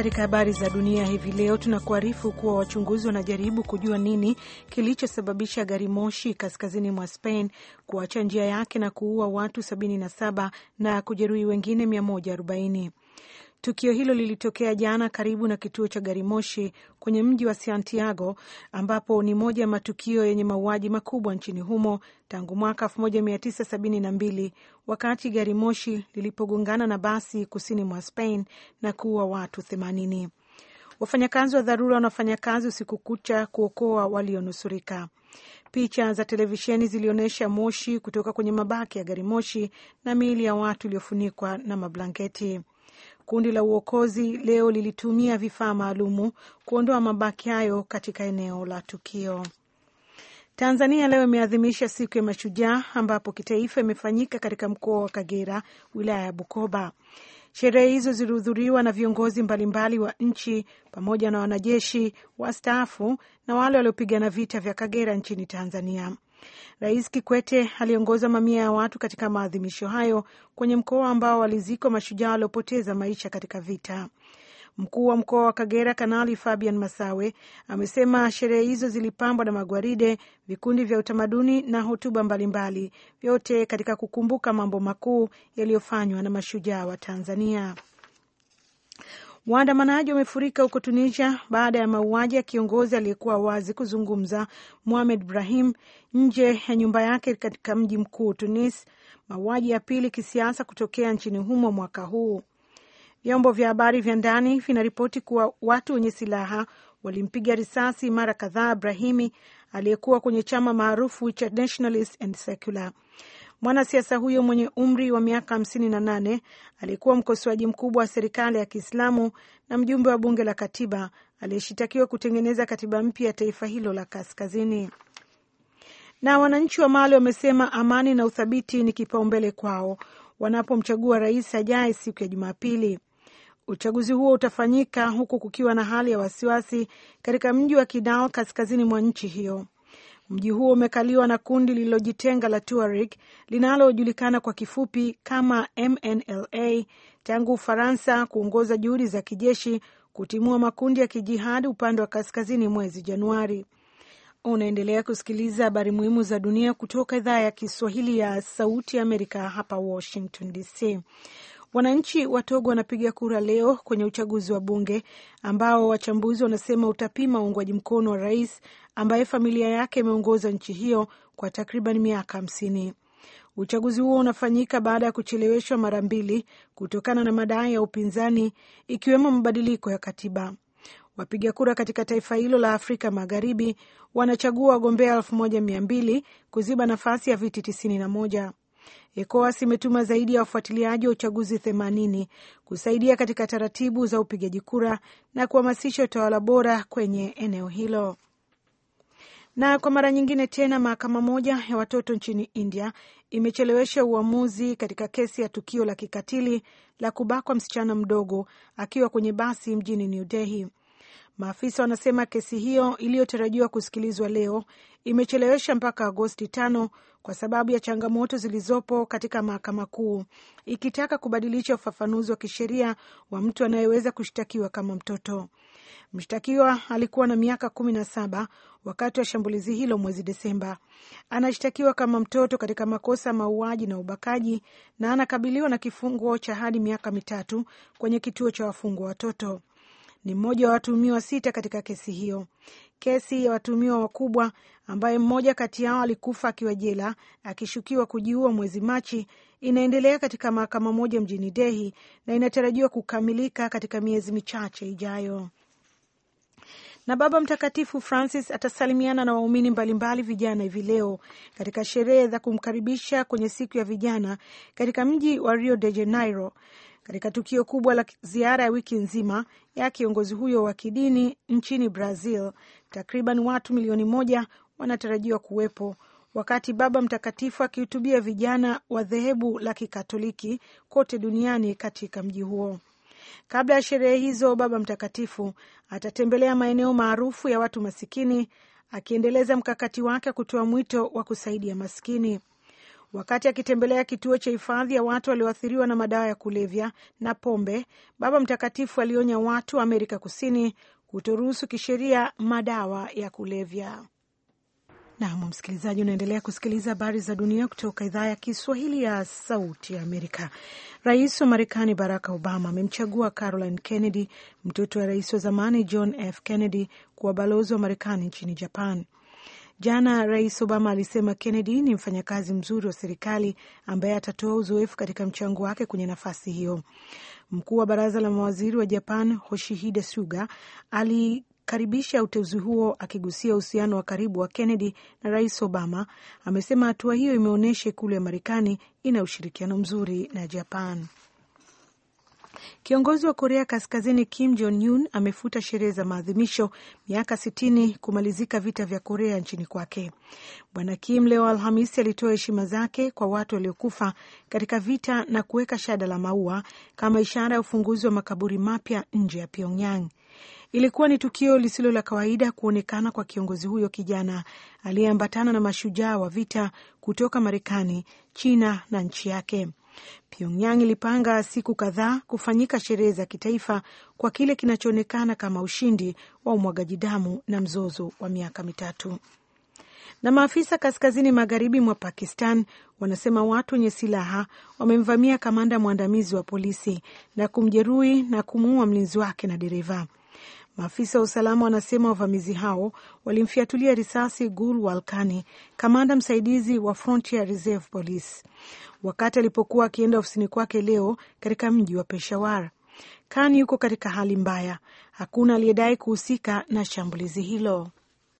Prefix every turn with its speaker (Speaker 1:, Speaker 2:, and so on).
Speaker 1: Katika habari za dunia hivi leo, tunakuarifu kuwa wachunguzi wanajaribu kujua nini kilichosababisha gari moshi kaskazini mwa Spain kuacha njia yake na kuua watu 77 na kujeruhi wengine 140. Tukio hilo lilitokea jana karibu na kituo cha gari moshi kwenye mji wa Santiago, ambapo ni moja ya matukio yenye mauaji makubwa nchini humo tangu mwaka 1972 wakati gari moshi lilipogongana na basi kusini mwa Spain na kuua watu 80. Wafanyakazi wa dharura wanafanya kazi usiku kucha kuokoa walionusurika. Picha za televisheni zilionyesha moshi kutoka kwenye mabaki ya gari moshi na miili ya watu iliyofunikwa na mablanketi. Kundi la uokozi leo lilitumia vifaa maalumu kuondoa mabaki hayo katika eneo la tukio. Tanzania leo imeadhimisha siku ya Mashujaa ambapo kitaifa imefanyika katika mkoa wa Kagera, wilaya ya Bukoba. Sherehe hizo zilihudhuriwa na viongozi mbalimbali wa nchi pamoja na wanajeshi wastaafu na wale waliopigana vita vya Kagera nchini Tanzania. Rais Kikwete aliongoza mamia ya watu katika maadhimisho hayo kwenye mkoa ambao walizikwa mashujaa waliopoteza maisha katika vita. Mkuu wa mkoa wa Kagera, Kanali Fabian Masawe, amesema sherehe hizo zilipambwa na magwaride, vikundi vya utamaduni na hotuba mbalimbali, vyote katika kukumbuka mambo makuu yaliyofanywa na mashujaa wa Tanzania. Waandamanaji wamefurika huko Tunisia baada ya mauaji ya kiongozi aliyekuwa wazi kuzungumza muhamed Brahim nje ya nyumba yake katika mji mkuu Tunis, mauaji ya pili kisiasa kutokea nchini humo mwaka huu. Vyombo vya habari vya ndani vinaripoti kuwa watu wenye silaha walimpiga risasi mara kadhaa Brahimi aliyekuwa kwenye chama maarufu cha Nationalist and Secular. Mwanasiasa huyo mwenye umri wa miaka nane alikuwa mkosoaji mkubwa wa serikali ya Kiislamu na mjumbe wa bunge la katiba aliyeshitakiwa kutengeneza katiba mpya ya taifa hilo la kaskazini. Na wananchi wa Mali wamesema amani na uthabiti ni kipaumbele kwao wanapomchagua rais ajaye siku ya Jumapili. Uchaguzi huo utafanyika huku kukiwa na hali ya wasiwasi katika mji wa Kidal kaskazini mwa nchi hiyo. Mji huo umekaliwa na kundi lililojitenga la Tuareg linalojulikana kwa kifupi kama MNLA tangu Ufaransa kuongoza juhudi za kijeshi kutimua makundi ya kijihadi upande wa kaskazini mwezi Januari. Unaendelea kusikiliza habari muhimu za dunia kutoka idhaa ya Kiswahili ya Sauti ya Amerika hapa Washington DC. Wananchi wa Togo wanapiga kura leo kwenye uchaguzi wa bunge ambao wachambuzi wanasema utapima uungwaji mkono wa rais ambaye familia yake imeongoza nchi hiyo kwa takriban miaka hamsini. Uchaguzi huo unafanyika baada ya kucheleweshwa mara mbili kutokana na madai ya upinzani ikiwemo mabadiliko ya katiba. Wapiga kura katika taifa hilo la Afrika Magharibi wanachagua wagombea elfu moja mia mbili kuziba nafasi ya viti tisini na moja. ECOWAS imetuma zaidi ya wafuatiliaji wa uchaguzi 80 kusaidia katika taratibu za upigaji kura na kuhamasisha utawala bora kwenye eneo hilo. Na kwa mara nyingine tena mahakama moja ya watoto nchini India imechelewesha uamuzi katika kesi ya tukio la kikatili la kubakwa msichana mdogo akiwa kwenye basi mjini New Delhi. Maafisa wanasema kesi hiyo iliyotarajiwa kusikilizwa leo imechelewesha mpaka Agosti tano kwa sababu ya changamoto zilizopo katika mahakama kuu, ikitaka kubadilisha ufafanuzi wa kisheria wa mtu anayeweza kushtakiwa kama mtoto. Mshtakiwa alikuwa na miaka kumi na saba wakati wa shambulizi hilo mwezi Desemba. Anashtakiwa kama mtoto katika makosa mauaji na ubakaji na anakabiliwa na kifungo cha hadi miaka mitatu kwenye kituo cha wafungwa watoto ni mmoja wa watuhumiwa sita katika kesi hiyo. Kesi ya watuhumiwa wakubwa ambaye mmoja kati yao alikufa akiwa jela akishukiwa kujiua mwezi Machi inaendelea katika mahakama moja mjini Delhi na inatarajiwa kukamilika katika miezi michache ijayo na Baba Mtakatifu Francis atasalimiana na waumini mbalimbali vijana hivi leo katika sherehe za kumkaribisha kwenye siku ya vijana katika mji wa Rio de Janeiro, katika tukio kubwa la ziara ya wiki nzima ya kiongozi huyo wa kidini nchini Brazil. Takriban watu milioni moja wanatarajiwa kuwepo wakati Baba Mtakatifu akihutubia vijana wa dhehebu la Kikatoliki kote duniani katika mji huo. Kabla ya sherehe hizo, Baba Mtakatifu atatembelea maeneo maarufu ya watu masikini, akiendeleza mkakati wake kutoa mwito wa kusaidia maskini. Wakati akitembelea kituo cha hifadhi ya watu walioathiriwa na madawa ya kulevya na pombe, Baba Mtakatifu alionya watu wa Amerika Kusini kutoruhusu kisheria madawa ya kulevya. Nam msikilizaji, unaendelea kusikiliza habari za dunia kutoka idhaa ya Kiswahili ya Sauti ya Amerika. Rais wa Marekani Barack Obama amemchagua Caroline Kennedy, mtoto wa rais wa zamani John F Kennedy, kuwa balozi wa Marekani nchini Japan. Jana Rais Obama alisema Kennedy ni mfanyakazi mzuri wa serikali ambaye atatoa uzoefu katika mchango wake kwenye nafasi hiyo. Mkuu wa baraza la mawaziri wa Japan Hoshihide Suga ali amekaribisha uteuzi huo. Akigusia uhusiano wa karibu wa Kennedy na Rais Obama, amesema hatua hiyo imeonyesha ikulu ya Marekani ina ushirikiano mzuri na Japan. Kiongozi wa Korea Kaskazini Kim Jong Un amefuta sherehe za maadhimisho miaka sitini kumalizika vita vya Korea nchini kwake. Bwana Kim leo Alhamisi alitoa heshima zake kwa watu waliokufa katika vita na kuweka shada la maua kama ishara ya ufunguzi wa makaburi mapya nje ya Pyongyang. Ilikuwa ni tukio lisilo la kawaida kuonekana kwa kiongozi huyo kijana aliyeambatana na mashujaa wa vita kutoka Marekani, China na nchi yake. Pyongyang ilipanga siku kadhaa kufanyika sherehe za kitaifa kwa kile kinachoonekana kama ushindi wa umwagaji damu na mzozo wa miaka mitatu. Na maafisa kaskazini magharibi mwa Pakistan wanasema watu wenye silaha wamemvamia kamanda mwandamizi wa polisi na kumjeruhi na kumuua mlinzi wake na dereva. Maafisa wa usalama wanasema wavamizi hao walimfiatulia risasi Gul Walkani, kamanda msaidizi wa Frontier Reserve Police, wakati alipokuwa akienda ofisini kwake leo katika mji wa Peshawar. Kani yuko katika hali mbaya. Hakuna aliyedai kuhusika na shambulizi hilo.